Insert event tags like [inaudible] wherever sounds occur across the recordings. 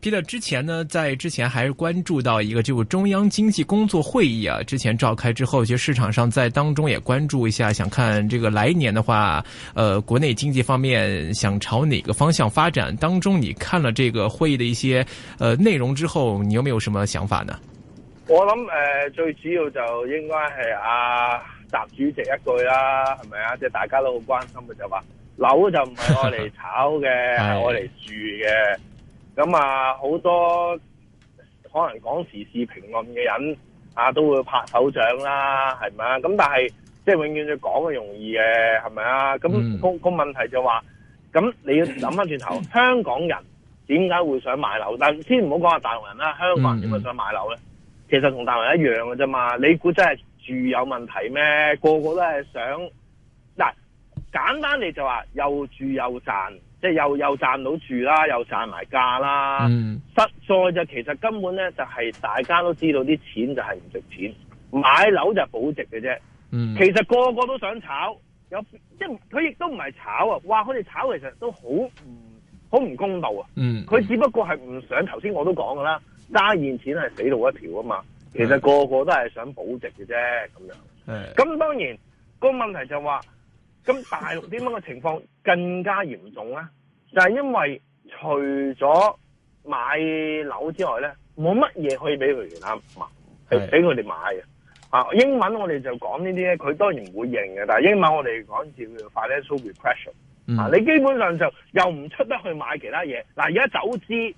Peter 之前呢，在之前還是關注到一個，就中央經濟工作會議啊，之前召開之後，其實市場上在當中也關注一下，想看這個來年的話，呃，國內經濟方面想朝哪個方向發展？當中你看了這個會議的一些，呃，內容之後，你有沒有什麼想法呢？我諗誒，呃，最主要就應該係啊，習主席一句啦，係咪啊？即係大家都好關心嘅，就話樓就唔係我嚟炒嘅，係我嚟住嘅。咁啊，好多可能講時事評論嘅人啊，都會拍手掌啦，係咪啊？咁但係即係永遠要講嘅容易嘅，係咪啊？咁個個、嗯、問題就話，咁你要諗翻轉頭，香港人點解會想買樓？但先唔好講下大陸人啦，香港人點解想買樓咧、嗯嗯？其實同大陸人一樣嘅啫嘛。你估真係住有問題咩？個個都係想。簡單你就話又住又賺，即係又又賺到住啦，又賺埋價啦。實在就是，其實根本咧就係大家都知道啲錢就係唔值錢，買樓就係保值嘅啫，嗯。其實個個都想炒，有即係佢亦都唔係炒啊。哇，佢哋炒其實都好唔好唔公道啊。佢，嗯，只不過係唔想頭先我都講噶啦，揸現錢係死路一條啊嘛。其實個個都係想保值嘅啫咁樣。咁，嗯，當然，個問題就話，是。咁 [laughs] 大陸啲咁嘅情況更加嚴重啊！就係、是、因為除咗買樓之外咧，冇乜嘢可以俾佢哋啱嘛？係俾佢哋買啊！英文我哋就講呢啲咧，佢當然唔會認嘅。但係英文我哋講字叫做 financial repression 啊！你基本上就又唔出得去買其他嘢嗱，而、啊、家走資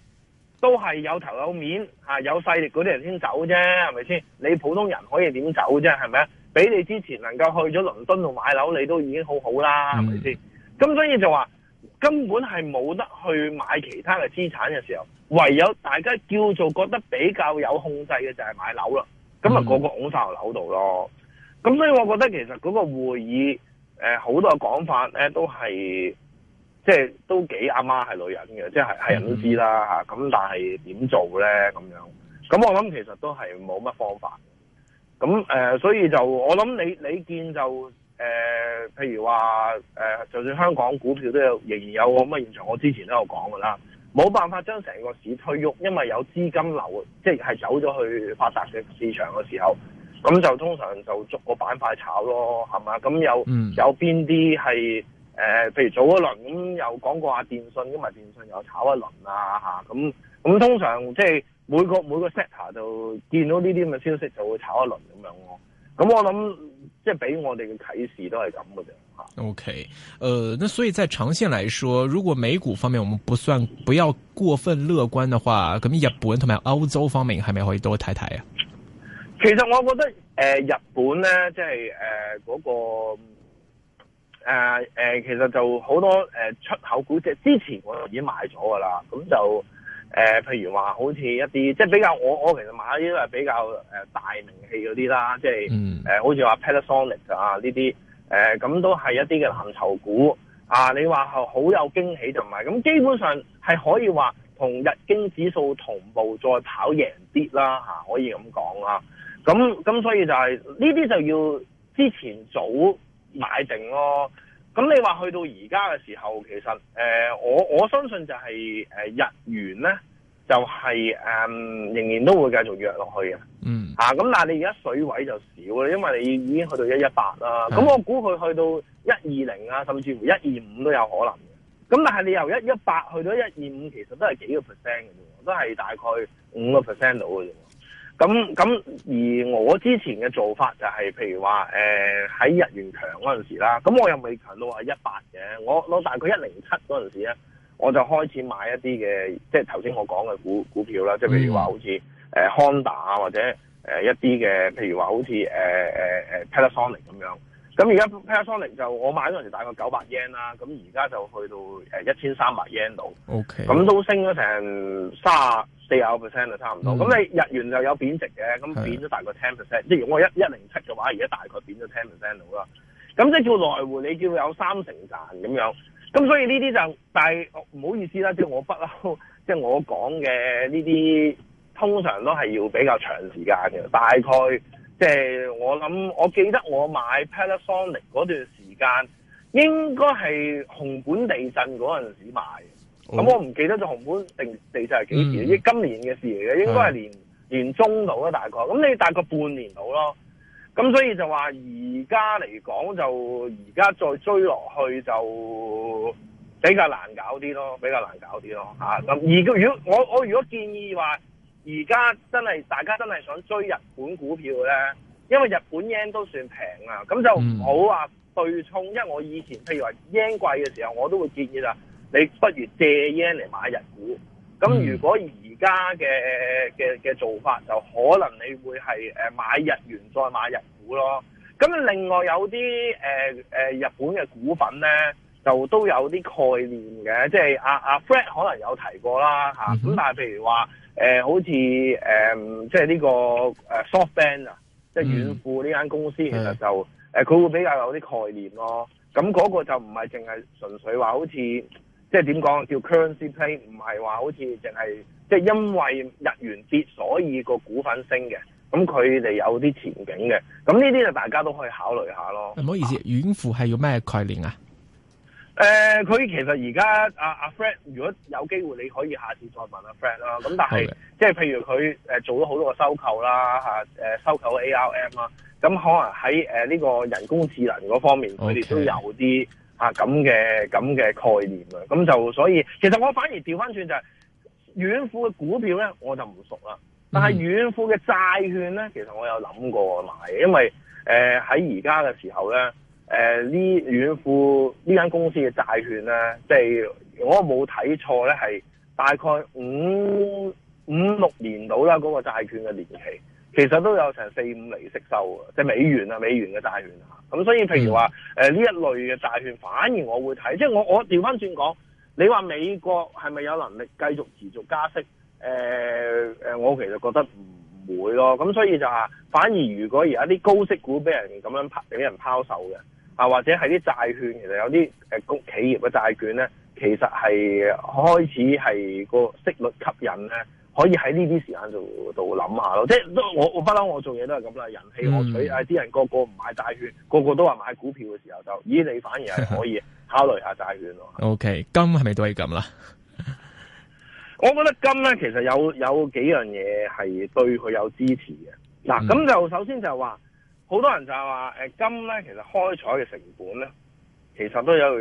都係有頭有面啊，有勢力嗰啲人先走啫，係咪先？你普通人可以點走啫？係咪啊？俾你之前能夠去咗倫敦度買樓，你都已經好好啦，係咪先？咁所以就話根本係冇得去買其他嘅資產嘅時候，唯有大家叫做覺得比較有控制嘅就係買樓啦。咁啊，個個拱晒落樓度咯。咁、嗯、所以，我覺得其實嗰個會議呃、好多講法咧，都係即係都幾阿媽係女人嘅，即係係人都知啦嚇。咁但係點做咧？咁樣咁我諗其實都係冇乜方法。咁誒、呃，所以就我諗你你見就誒、呃，譬如話，誒、呃，就算香港股票都有，仍然有咁嘅現象。我之前都有講㗎啦，冇辦法將成個市推喐，因為有資金流，即係走咗去發達嘅市場嘅時候，咁就通常就逐個板塊炒咯，係嘛？咁有、嗯、有邊啲係誒？譬如早一輪，咁有講過話電信，咁咪電信又炒一輪啦、啊、吓、啊，咁咁通常即係。每個每個 sector 就見到呢啲咁嘅消息就會炒一輪咁樣咯，咁我諗即係俾我哋嘅啟示都係咁嘅啫吓。O K，誒，那所以在長線來說，如果美股方面我們不算不要過分樂觀的話，咁日本同埋歐洲方面係咪可以多睇睇啊？其實我覺得誒、呃、日本咧即係誒嗰個誒誒、呃呃，其實就好多誒、呃、出口股只，之前我已經買咗噶啦，咁就。誒、呃，譬如話，好似一啲即係比較我，我我其實買啲係比較大名氣嗰啲啦，即係、嗯呃、好似話 Panasonic 啊呢啲，誒咁、呃、都係一啲嘅藍籌股啊，你話好有驚喜就唔係咁，基本上係可以話同日經指數同步再跑贏啲啦、啊、可以咁講啊，咁咁所以就係呢啲就要之前早買定咯。咁你話去到而家嘅時候，其實誒、呃，我我相信就係、是、誒、呃、日元咧，就係、是、誒、呃、仍然都會繼續弱落去嘅。嗯，啊，咁但係你而家水位就少啦，因為你已經去到一一八啦。咁、嗯、我估佢去到一二零啊，甚至乎一二五都有可能嘅。咁但係你由一一八去到一二五，其實都係幾個 percent 嘅啫，都係大概五個 percent 到嘅啫。咁咁而我之前嘅做法就係、是，譬如話誒喺日元強嗰陣時啦，咁我又未強到話一百嘅，我攞大概一零七嗰陣時咧，我就開始買一啲嘅，即係頭先我講嘅股股票啦，即係譬如話好似誒、嗯呃、Honda 啊，或者、呃、一啲嘅，譬如話好似誒、呃呃、Panasonic 咁樣。咁而家 Panasonic 就我買嗰陣時大概九百 yen 啦，咁而家就去到誒一千三百 yen 度。O、呃、K。咁、okay. 都升咗成卅。四廿 percent 就差唔多，咁、嗯、你日元又有貶值嘅，咁貶咗大概 ten percent，即係如果我一一零七嘅話，而家大概貶咗 ten percent 到啦。咁即係叫來回，你叫有三成賺咁樣。咁所以呢啲就，但係唔好意思啦，即、就、係、是、我不嬲，即、就、係、是、我講嘅呢啲通常都係要比較長時間嘅。大概即係、就是、我諗，我記得我買 Panasonic 嗰段時間，應該係熊本地震嗰陣時買。咁、嗯、我唔記得咗紅本定地就係幾時？依、嗯、今年嘅事嚟嘅，應該係年年中度啦，大概。咁你大概半年度咯。咁所以就話而家嚟講就，就而家再追落去就比較難搞啲咯，比較難搞啲咯吓。咁而如果我我如果建議話，而家真係大家真係想追日本股票咧，因為日本 yen 都算平啊，咁就唔好話對沖，因為我以前譬如話 yen 貴嘅時候，我都會建議啦你不如借 yen 嚟買日股咁。那如果而家嘅嘅嘅做法，就可能你會係誒買日元再買日股咯。咁另外有啲誒誒日本嘅股份咧，就都有啲概念嘅，即係阿阿 Fred 可能有提過啦嚇。咁、mm -hmm. 但係譬如話誒、呃，好似誒即係呢個誒 SoftBank 啊，即係軟庫呢間公司，mm -hmm. 其實就誒佢、mm -hmm. 會比較有啲概念咯。咁嗰個就唔係淨係純粹話好似。即係點講叫 currency play，唔係話好似淨係即係因為日元跌，所以個股份升嘅。咁佢哋有啲前景嘅。咁呢啲就大家都可以考慮一下咯。唔好意思，啊、軟庫係要咩概念啊？誒、呃，佢其實而家阿阿、啊啊、f r e n d 如果有機會，你可以下次再問阿、啊、f r e n d 啦、啊。咁但係、okay. 即係譬如佢誒做咗好多個收購啦，吓、啊、誒、啊、收購 ARM 啦，咁可能喺誒呢個人工智能嗰方面，佢哋都有啲。Okay. 啊，咁嘅咁嘅概念，咁就所以其實我反而調翻轉，就係軟庫嘅股票咧，我就唔熟啦。但係軟庫嘅債券咧，其實我有諗過買，因為誒喺而家嘅時候咧，誒呢軟庫呢間公司嘅債券咧，即係我冇睇錯咧，係大概五五六年到啦嗰個債券嘅年期。其實都有成四五厘息收即、就是、美元啊，美元嘅債券啊，咁所以譬如話，呢、嗯、一類嘅債券，反而我會睇，即我我調翻轉講，你話美國係咪有能力繼續持續加息？誒、呃、我其實覺得唔會咯。咁所以就話，反而如果而家啲高息股俾人咁樣畀俾人拋售嘅啊，或者係啲債券，其實有啲誒、呃、企業嘅債券咧，其實係開始係個息率吸引咧。可以喺呢啲時間度度諗下咯，即係我我不嬲，我，我，我做嘢都係咁啦。人棄我取，啲、嗯、人個個唔買債券，個個都話買股票嘅時候就，就而你反而係可以考慮下債券咯。 [laughs] o、okay, K，金係咪都係咁啦？ [laughs] 我覺得金咧，其實有有幾樣嘢係對佢有支持嘅。嗱、嗯，咁就首先就係話，好多人就係話，金咧，其實開採嘅成本咧，其實都有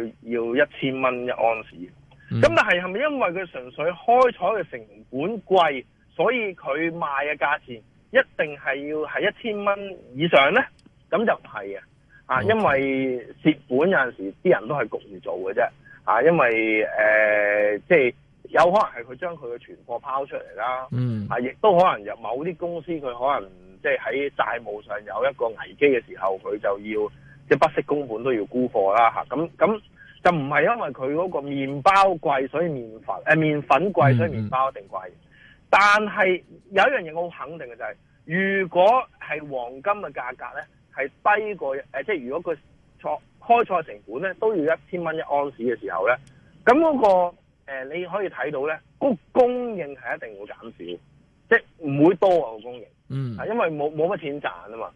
要一千蚊一盎司。咁、嗯、但係係咪因為佢純粹開採嘅成本貴，所以佢賣嘅價錢一定係要係一千蚊以上咧？咁就唔係啊！啊、okay，因為蝕本有陣時啲人都係焗住做嘅啫。啊、呃，因為誒，即係有可能係佢將佢嘅存貨拋出嚟啦。嗯。啊，亦都可能有某啲公司佢可能即係喺債務上有一個危機嘅時候，佢就要即係不惜工本都要沽貨啦。嚇，咁咁。就唔係因為佢嗰個麵包貴，所以麵粉誒麵粉貴，所以麵包一定貴、嗯。但係有一樣嘢我好肯定嘅就係、是，如果係黃金嘅價格咧係低過誒、呃，即係如果佢開採成本咧都要一千蚊一盎士嘅時候咧，咁嗰、那個、呃、你可以睇到咧，個供應係一定會減少，即係唔會多啊個供應，嗯啊，因為冇冇乜錢賺啊嘛。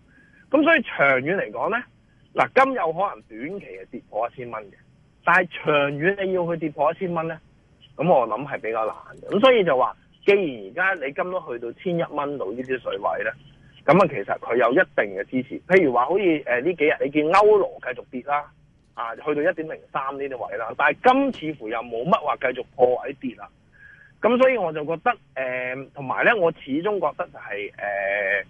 咁所以長遠嚟講咧，嗱，金有可能短期係跌破一千蚊嘅。但係長遠你要去跌破一千蚊咧，咁我諗係比較難嘅。咁所以就話，既然而家你金都去到千一蚊到呢啲水位咧，咁啊其實佢有一定嘅支持。譬如話，好似誒呢幾日你見歐羅繼續跌啦，啊去到一點零三呢啲位啦，但係金似乎又冇乜話繼續破位跌啦。咁所以我就覺得誒，同埋咧，我始終覺得就係、是、誒。呃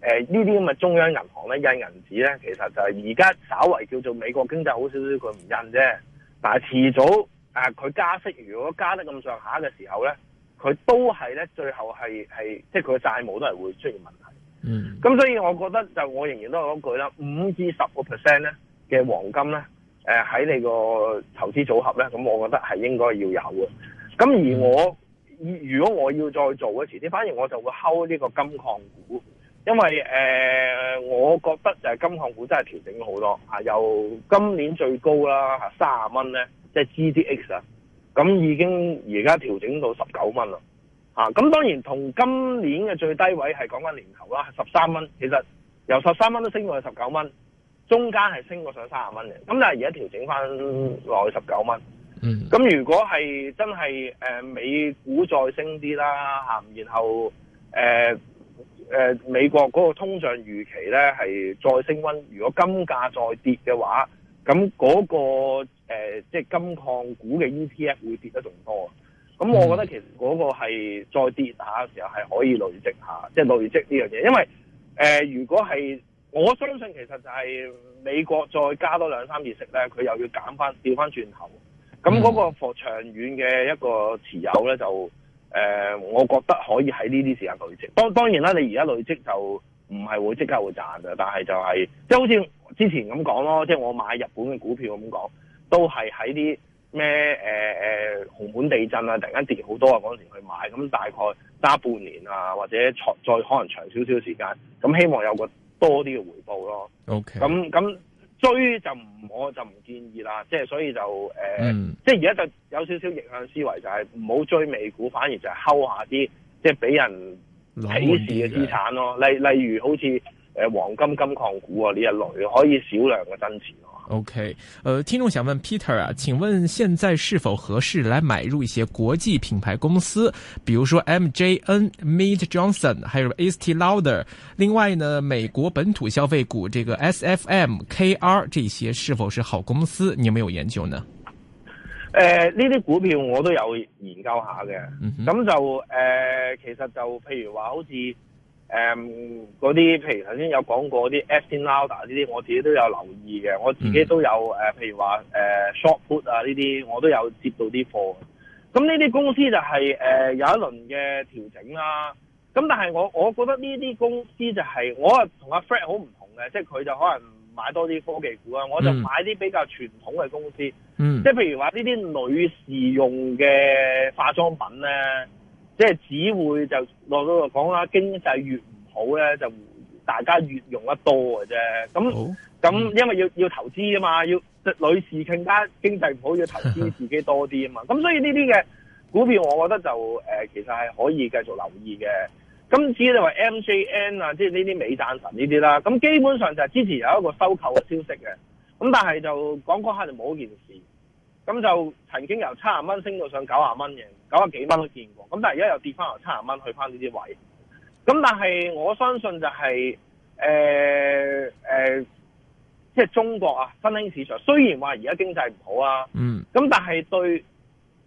誒、呃，呢啲咁嘅中央銀行咧印銀紙咧，其實就係而家稍為叫做美國經濟好少少，佢唔印啫。但係遲早、呃、佢加息如果加得咁上下嘅時候咧，佢都係咧最後係係，即係佢債務都係會出現問題。嗯。咁所以我覺得就我仍然都係嗰句啦，五至十個 percent 咧嘅黃金咧，誒、呃、喺你個投資組合咧，咁我覺得係應該要有嘅。咁而我、嗯、如果我要再做嘅遲啲，反而我就會 hold 呢個金礦股。因為誒、呃，我覺得就係金礦股真係調整好多吓、啊，由今年最高啦吓三十蚊咧，即係 G D X 啊，咁、就是、已經而家調整到十九蚊啦吓。咁、啊、當然同今年嘅最低位係講緊年頭啦，十三蚊。其實由十三蚊都升過去十九蚊，中間係升過上三十蚊嘅。咁但係而家調整翻落去十九蚊。嗯。咁如果係真係誒、呃、美股再升啲啦吓、啊，然後誒。呃誒、呃、美國嗰個通脹預期咧係再升溫，如果金價再跌嘅話，咁嗰、那個即係、呃就是、金礦股嘅 ETF 會跌得仲多。咁我覺得其實嗰個係再跌下嘅時候係可以累積下，即、就、係、是、累積呢樣嘢。因為誒、呃，如果係我相信其實就係美國再加多兩三次息咧，佢又要減翻，調翻轉頭。咁嗰個長遠嘅一個持有咧就。誒、呃，我覺得可以喺呢啲時間累積。當當然啦，你而家累積就唔係會即刻會賺嘅，但係就係、是、即係好似之前咁講咯，即係我買日本嘅股票咁講，都係喺啲咩誒誒熊本地震啊，突然間跌好多啊嗰陣時去買，咁大概揸半年啊，或者再可能長少少時間，咁希望有個多啲嘅回報咯。O、okay. K。咁咁。追就唔我就唔建議啦，即係所以就誒、呃嗯、即係而家就有少少逆向思維，就係唔好追美股，反而就係睺下啲即係俾人鄙視嘅資產咯，例例如好似誒黃金金礦股啊呢一類可以少量嘅增持咯。O、okay, K，呃，聽眾想問 Peter 啊，請問現在是否合適來買入一些國際品牌公司，比如說 M J N、Mead Johnson，還有 Estée Lauder。另外呢，美國本土消費股，這個 S F M、K R 這些是否是好公司？你有冇研究呢？誒、呃，呢啲股票我都有研究一下嘅，咁、嗯、就誒、呃，其實就譬如話好似。誒嗰啲，譬如頭先有講過啲 Estée Lauder 呢啲我自己都有留意嘅。我自己都有、呃、譬如話、呃、Short Put 啊，呢啲我都有接到啲貨。咁呢啲公司就係、是、誒、呃、有一輪嘅調整啦、啊。咁但係我我覺得呢啲公司就係、是、我啊同阿 Fred 好唔同嘅，即係佢就可能買多啲科技股啊，mm. 我就買啲比較傳統嘅公司。Mm. 即係譬如話呢啲女士用嘅化妝品咧。即係只會就落到度講啦，經濟越唔好咧，就大家越用得多嘅啫。咁咁，因為要要投資啊嘛，要女士更加經濟唔好要投資自己多啲啊嘛。咁 [laughs] 所以呢啲嘅股票，我覺得就誒其實係可以繼續留意嘅。今次你話 M J N 啊，即係呢啲美贊臣呢啲啦，咁基本上就係之前有一個收購嘅消息嘅，咁但係就講講下就冇件事，咁就曾經由七啊蚊升到上九啊蚊嘅。九啊幾蚊都見過，咁但係而家又跌翻落七十蚊去翻呢啲位，咁但係我相信就係誒誒，即、呃、係、呃就係、中國啊，新興市場雖然話而家經濟唔好啊，嗯，咁但係對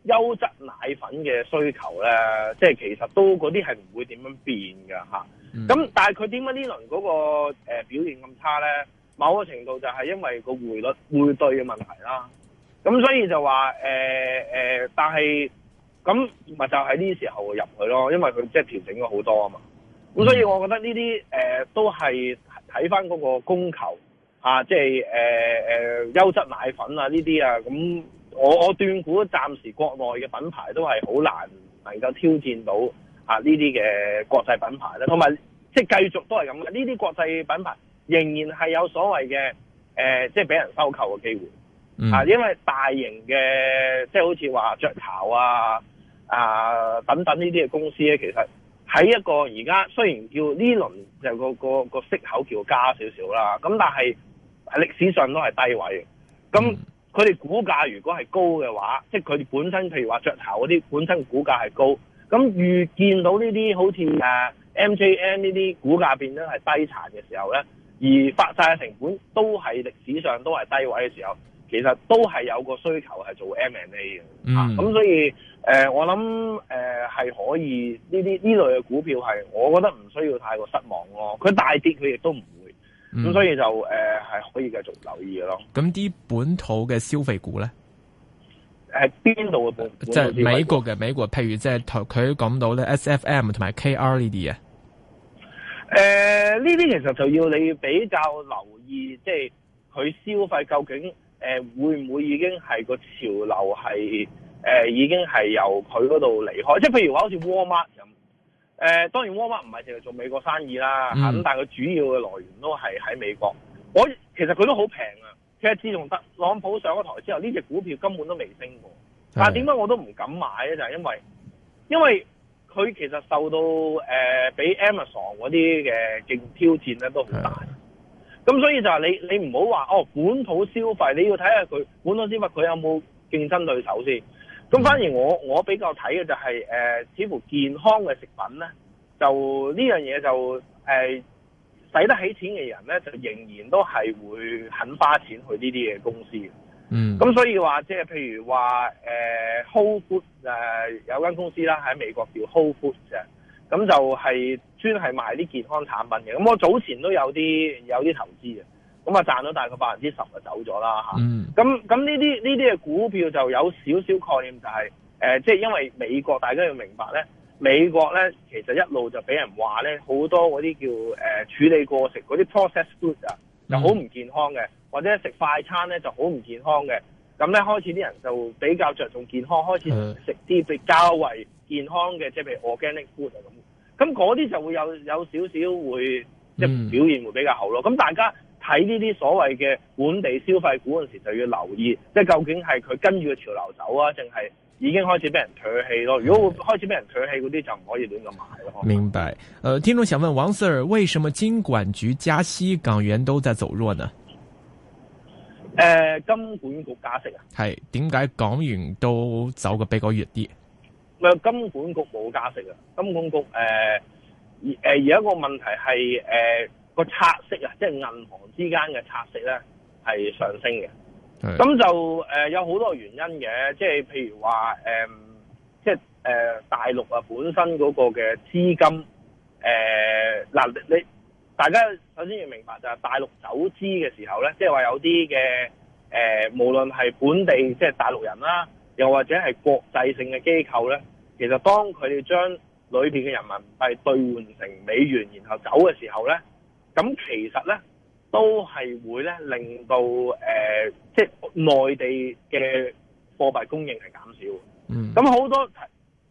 優質奶粉嘅需求咧，即係其實都嗰啲係唔會點樣變嘅嚇，咁、嗯、但係佢點解呢輪嗰個誒表現咁差咧？某個程度就係因為個匯率匯兌嘅問題啦，咁所以就話誒誒，但係。咁咪就喺呢時候入去咯，因為佢即係調整咗好多啊嘛。咁所以我覺得呢啲誒都係睇翻嗰個供求啊，即係誒誒優質奶粉啊呢啲啊。咁我我斷估暫時國內嘅品牌都係好難能夠挑戰到啊呢啲嘅國際品牌啦，同埋即係繼續都係咁嘅。呢啲國際品牌仍然係有所謂嘅誒，即係俾人收購嘅機會。啊，因為大型嘅，即係好似話雀巢啊、啊等等呢啲嘅公司咧，其實喺一個而家雖然叫呢輪就個個個息口叫加少少啦，咁但係喺歷史上都係低位。咁佢哋股價如果係高嘅話，即係佢哋本身，譬如話雀巢嗰啲本身股價係高，咁遇見到呢啲好似誒 M J N 呢啲股價變咗係低殘嘅時候咧，而發債嘅成本都係歷史上都係低位嘅時候。其實都係有個需求係做 M&A 嘅，吓、嗯、咁、啊、所以誒、呃、我諗誒係可以呢啲呢類嘅股票係，我覺得唔需要太過失望咯。佢大跌佢亦都唔會，咁、嗯、所以就誒係、呃、可以繼續留意嘅咯。咁、嗯、啲本土嘅消費股咧？誒邊度嘅即係美國嘅美國，譬如即係頭佢講到咧 S F M 同埋 K R 呢啲嘢。誒呢啲其實就要你比較留意，即係佢消費究竟。誒會唔會已經係個潮流係誒、呃、已經係由佢嗰度離開？即係譬如話好似 Walmart 咁誒，當然 Walmart 唔係淨係做美國生意啦咁、嗯、但係佢主要嘅來源都係喺美國。我其實佢都好平啊。其實自從特朗普上咗台之後，呢隻股票根本都未升過。但係點解我都唔敢買咧？就係、是、因為因為佢其實受到誒、呃、畀 Amazon 嗰啲嘅競挑戰咧都好大。嗯。咁所以就係你你唔好話哦，本土消費你要睇下佢本土消費佢有冇競爭對手先。咁反而我我比較睇嘅就係誒，似乎健康嘅食品咧，就呢樣嘢就誒使得起錢嘅人咧，就仍然都係會肯花錢去呢啲嘅公司。嗯。咁所以話即係譬如話誒，Whole Foods 誒有間公司啦，喺美國叫 Whole Foods，咁就係。專係賣啲健康產品嘅，咁我早前都有啲有啲投資嘅，咁啊賺咗大概百分之十就走咗啦嚇。咁咁呢啲呢啲嘅股票就有少少概念、就是，就係誒，即係因為美國，大家要明白咧，美國咧其實一路就俾人話咧，好多嗰啲叫誒、呃、處理過食嗰啲 processed food 啊，就好唔健康嘅，或者食快餐咧就好唔健康嘅。咁咧開始啲人就比較着重健康，開始食啲比較為健康嘅，即係譬如 organic food 啊咁。咁嗰啲就會有有少少會即係表現會比較好咯。咁、嗯、大家睇呢啲所謂嘅本地消費股嗰時就要留意，即係究竟係佢跟住個潮流走啊，定係已經開始俾人唾棄咯？如果開始俾人唾棄嗰啲就唔可以亂咁買咯。明白。誒、呃，聽眾想問王 Sir，為什麼金管局加息，港元都在走弱呢？誒、呃，金管局加息啊，係點解港元都走嘅比較弱啲？個金管局冇加息啊！金管局、呃、而誒有一個問題係誒個拆息啊，即係銀行之間嘅拆息咧係上升嘅。咁就誒、呃、有好多原因嘅，即係譬如話誒、呃、即係誒、呃、大陸啊本身嗰個嘅資金誒嗱、呃呃、你大家首先要明白就係大陸走資嘅時候咧，即係話有啲嘅誒無論係本地即係大陸人啦，又或者係國際性嘅機構咧。其實當佢哋將裏邊嘅人民幣兌換成美元，然後走嘅時候咧，咁其實咧都係會咧令到誒、呃，即係內地嘅貨幣供應係減少的。嗯、mm -hmm.，咁好多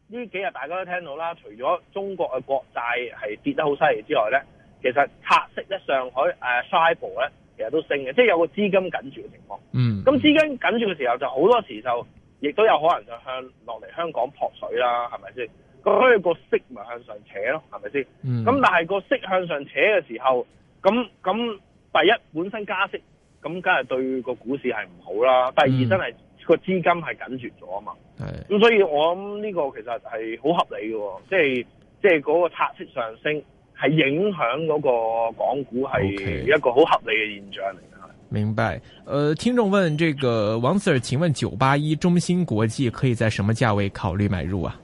呢幾日大家都聽到啦，除咗中國嘅國債係跌得好犀利之外咧，其實拆息咧上海誒、啊、Shibor 咧其實都升嘅，即係有個資金緊住嘅情況。嗯，咁資金緊住嘅時候就好多時就，亦都有可能就向落嚟香港撲水啦，係咪先？佢可以個息咪向上扯咯，係咪先？咁但係個息向上扯嘅、嗯、時候，咁咁第一本身加息，咁梗係對個股市係唔好啦。第二、嗯、真係個資金係緊絕咗啊嘛。咁所以我諗呢個其實係好合理嘅，即係即係嗰個拆息上升係影響嗰個港股係一個好合理嘅現象嚟。Okay. 明白，呃，聽眾問這個王 Sir，請問九八一中芯國際可以在什麼價位考慮買入啊？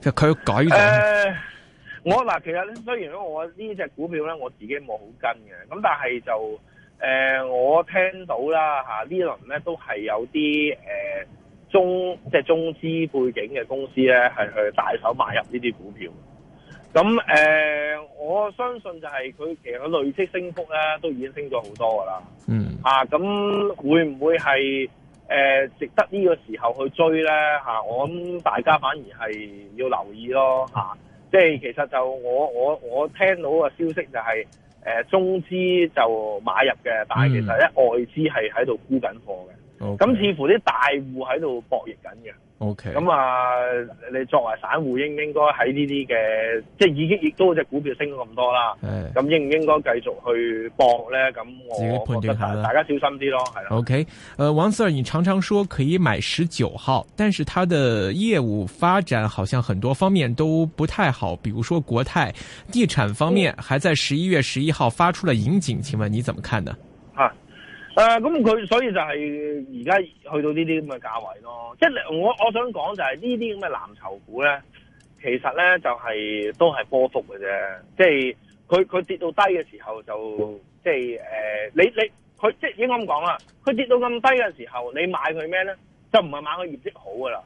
可搞一搞、呃。我嗱，其實雖然咧，我呢隻股票咧，我自己冇好跟嘅，咁但係就誒、呃，我聽到啦吓，呢輪咧都係有啲誒、呃、中即係中資背景嘅公司咧，係去大手買入呢啲股票。咁誒、呃，我相信就係佢其實累積升幅咧，都已經升咗好多㗎喇。嗯。啊，咁、嗯、會唔會係誒、呃、值得呢個時候去追咧？嚇、啊，我諗大家反而係要留意咯。啊、即係其實就我我我聽到個消息就係、是呃、中資就買入嘅，但係其實一外資係喺度沽緊貨嘅。咁、okay. 似乎啲大戶喺度博弈緊嘅，咁、okay. 啊，你作為散戶應唔應該喺呢啲嘅，即係已經亦都隻股票升咗咁多啦，咁、哎、應唔應該繼續去搏咧？咁我自己判斷下，大家小心啲咯，係啦。OK，呃王 Sir，你常常說可以買十九號，但是他的業務發展好像很多方面都不太好，比如說國泰地產方面，還在十一月十一號發出了盈警，請問你怎麼看呢？誒，咁佢所以就係而家去到呢啲咁嘅價位咯，即係我我想講就係呢啲咁嘅藍籌股咧，其實咧就係都係波幅嘅啫，即係佢佢跌到低嘅時候就即係誒，你你佢即係應該咁講啦，佢跌到咁低嘅時候，你買佢咩咧？就唔係買佢業績好噶啦，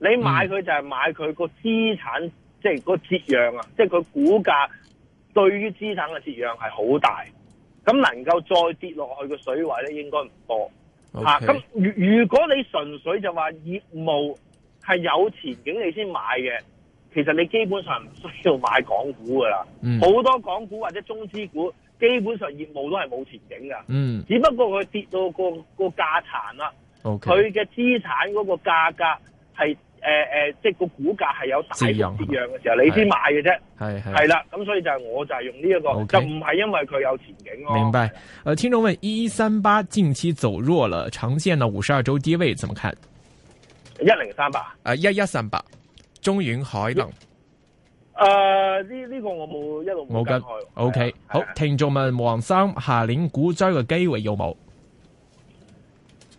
你買佢就係買佢個資產，即係個折讓啊，即係佢股價對於資產嘅折讓係好大。咁能夠再跌落去嘅水位咧，應該唔多嚇。咁、okay. 啊、如如果你純粹就話業務係有前景你先買嘅，其實你基本上唔需要買港股噶啦。mm. 好多港股或者中資股基本上業務都係冇前景噶。嗯、mm.，只不過佢跌到個個價殘啦。okay. 佢嘅資產嗰個價格係。誒、呃、誒、呃，即係個股價係有大跌跌揚嘅時候，你先買嘅啫，係係啦，咁所以就係我就係用呢、這、一個，okay. 就唔係因為佢有前景咯、啊。明白。誒、呃，聽眾問：一一三八近期走弱了，長線呢五十二周低位怎麼看？一零三八啊，一一三八，中遠海能。誒，呢呢個我冇一路冇跟。O、okay. K，、okay. 好。聽眾問：王生，下年股災嘅機會有冇？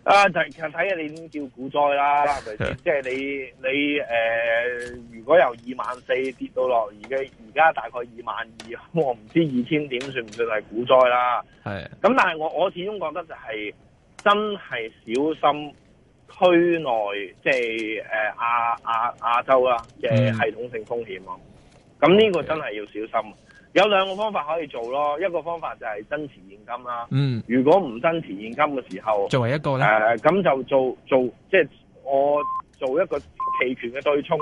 [laughs] 啊，就其實睇下你點叫股災啦，係咪先？即係你你誒、呃，如果由二萬四跌到落而嘅而家大概二萬二，我唔知二千點算唔算係股災啦？係。咁 [laughs] 但係我我始終覺得就係、是、真係小心區內即係、就是呃、亞、亞、亞洲啦嘅系統性風險咯。咁 [laughs] 呢個真係要小心。有兩個方法可以做咯，一個方法就係增持現金啦。嗯，如果唔增持現金嘅時候，作為一個咧，誒咁就做做，即係我做一個期權嘅對沖。